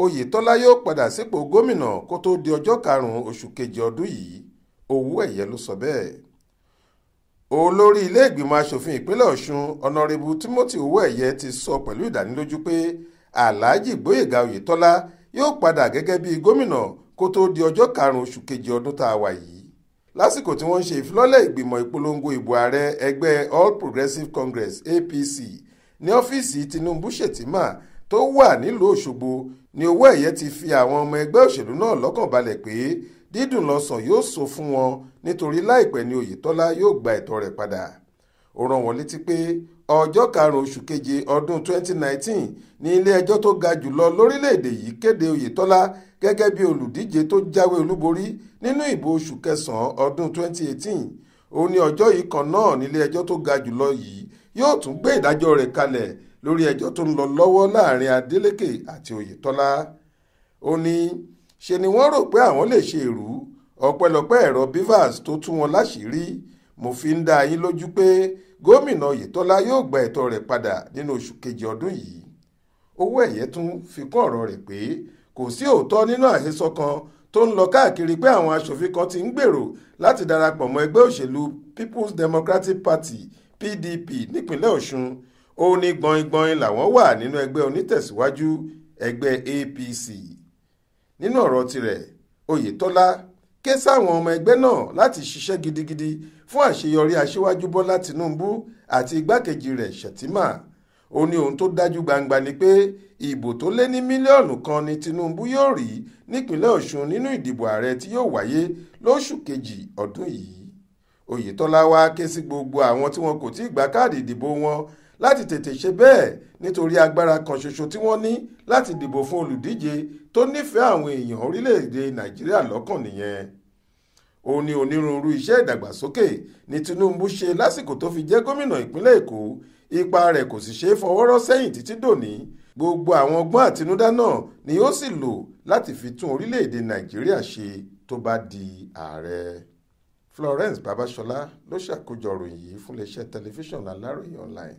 oyetola yóò padà sípò gómìnà kó tóó di ọjọ́ karùn-ún oṣù kejì ọdún yìí owó ẹ̀yẹ ló sọ bẹ́ẹ̀ olórí ilé ìgbìmọ̀ asòfin ìpínlẹ̀ ọ̀ṣun ọ̀nàrẹ́bù timothy owó ẹ̀yẹ ti sọ pẹ̀lú ìdánilójú pé alhaji gboyega oyetola yóò padà gẹ́gẹ́ bíi gómìnà kó tóó di ọjọ́ karùn-ún oṣù kejì ọdún tá a wà yìí lásìkò tí wọ́n ń ṣe ìfilọ́lẹ̀ ìgbìmọ̀ ìpolongo ìbò ààrẹ ẹgbẹ́ all progressives congress apc ní ọ́fíìsì tinubu shettima tó wà nílùú Òṣogbo ni owó ẹ̀yẹ ti fi àwọn ọmọ ẹgbẹ́ òṣèlú náà lọ́kàn balẹ̀ pé dídùn lọ́sàn yóò so fún wọn nítorí láìpẹ́ ni Oyètọ́lá yóò gba ẹ̀tọ́ rẹ̀ padà ó rán wọn létí pé ọjọ́ karùn-ún oṣù keje ọdún 2019 ní ilé-ẹjọ́ tó ga jùlọ lórílẹ̀‐èdè yìí kéde Oyètọ́lá gẹ́gẹ́ bí olùdíje tó jáwé olúborí nínú ìbò oṣù kẹsàn-án ọdún 2018 ó ní ọjọ́ yìí kan náà nílé-ẹjọ́ tó ga jùlọ yìí yóò tún gbé ìdájọ́ rẹ̀ kalẹ̀ lórí ẹjọ́ tó ń lọ lọ́wọ́ láàrin Adeleke àti Oyetola ó ní ṣe ni wọ́n rò pé àwọn lè ṣe èrú ọpẹ́lọpẹ́ ẹ̀rọ Bivas tó tú wọn láṣìírí mo fi ń dá yín lójú pé gómìnà Oyetola yóò gba ẹ̀tọ́ rẹ̀ padà nínú oṣù kejì ọdún yìí owó ẹ̀yẹ tún fi kún ọ̀rọ̀ rẹ̀ pé kò sí òótọ́ nínú àhesọ kan tó ń lọ káàkiri pé àwọn aṣòfin kan ti ń gbèrò láti darapọ̀ mọ́ ẹgbẹ́ òṣèlú People's Democratic Party PDP nípínlẹ̀ Ọ̀ṣun ó ní gbọ̀ngbọ̀n làwọn wà nínú ẹgbẹ́ onítẹ̀síwájú ẹgbẹ́ APC nínú ọ̀rọ̀ tirẹ̀ Oyètọ́lá ké sáwọn ọmọ ẹgbẹ́ náà láti ṣiṣẹ́ gidigidi fún àṣeyọrí aṣíwájú Bọ́lá Tinubu àti igbákejì rẹ̀ Shettima ó ní ohun tó dájú gbangba ni pé ìbò tó lé ní mílíọ̀nù kan ni Tinubu yóò rí nípínlẹ̀ Ọ̀ṣun nínú ìdìbò ààrẹ tí yóò wáyé lóṣù kejì ọdún yìí Oyètọ́lá wá ké sí gbogbo àwọn tí wọn kò tí ì gba káàdì ìdìbò wọn láti tètè ṣe bẹ́ẹ̀ nítorí agbára kan ṣoṣo tí wọ́n ní láti dìbò fún olùdíje tó nífẹ̀ẹ́ àwọn èèyàn orílẹ̀-èdè nàìjíríà lọ́kàn nìyẹn ó ní onírúurú iṣẹ́ ìdàgbàsókè ni tinubu ṣe lásìkò tó fi jẹ́ gómìnà ìpínlẹ̀ èkó ipa rẹ̀ kò sì ṣeé fọwọ́rọ́ sẹ́yìn títí dòní gbogbo àwọn ọgbọ́n àtinúdá náà ni ó sì lò láti fi tún orílẹ̀-èdè nàìjíríà ṣe tó bá di ààrẹ Florence Babasola ló ṣàkójọ ròyìn yìí fún iléeṣẹ́ tẹlifíṣàn Aláròyé online